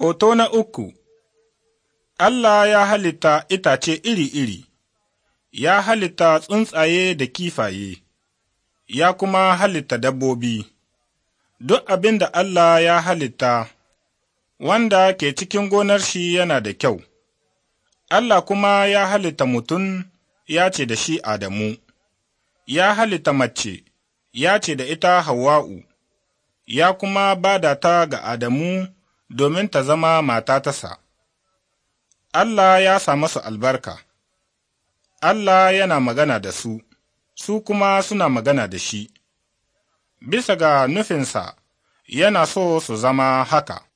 Hoto na uku Allah ya halitta itace iri-iri, ya halitta tsuntsaye da kifaye, ya kuma halitta dabbobi, duk abin da Allah ya halitta wanda ke cikin gonar shi yana da kyau. Allah kuma ya halitta mutum ya ce da shi Adamu, ya halitta mace ya ce da ita Hawwa'u, ya kuma bada ta ga Adamu domin ta zama mata tasa. Allah ya sa masu albarka, Allah yana magana da su, su kuma suna magana da shi, bisa ga nufinsa yana so su zama haka.